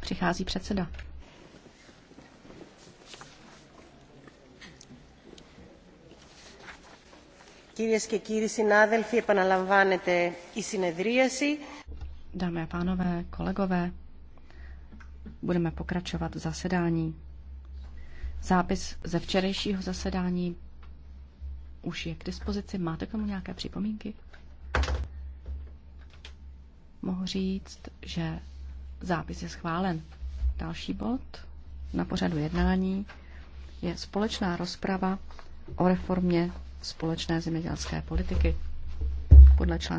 Přichází předseda. Dámy a pánové, kolegové, budeme pokračovat v zasedání. Zápis ze včerejšího zasedání už je k dispozici. Máte k tomu nějaké připomínky? mohu říct, že zápis je schválen. Další bod na pořadu jednání je společná rozprava o reformě společné zemědělské politiky podle článku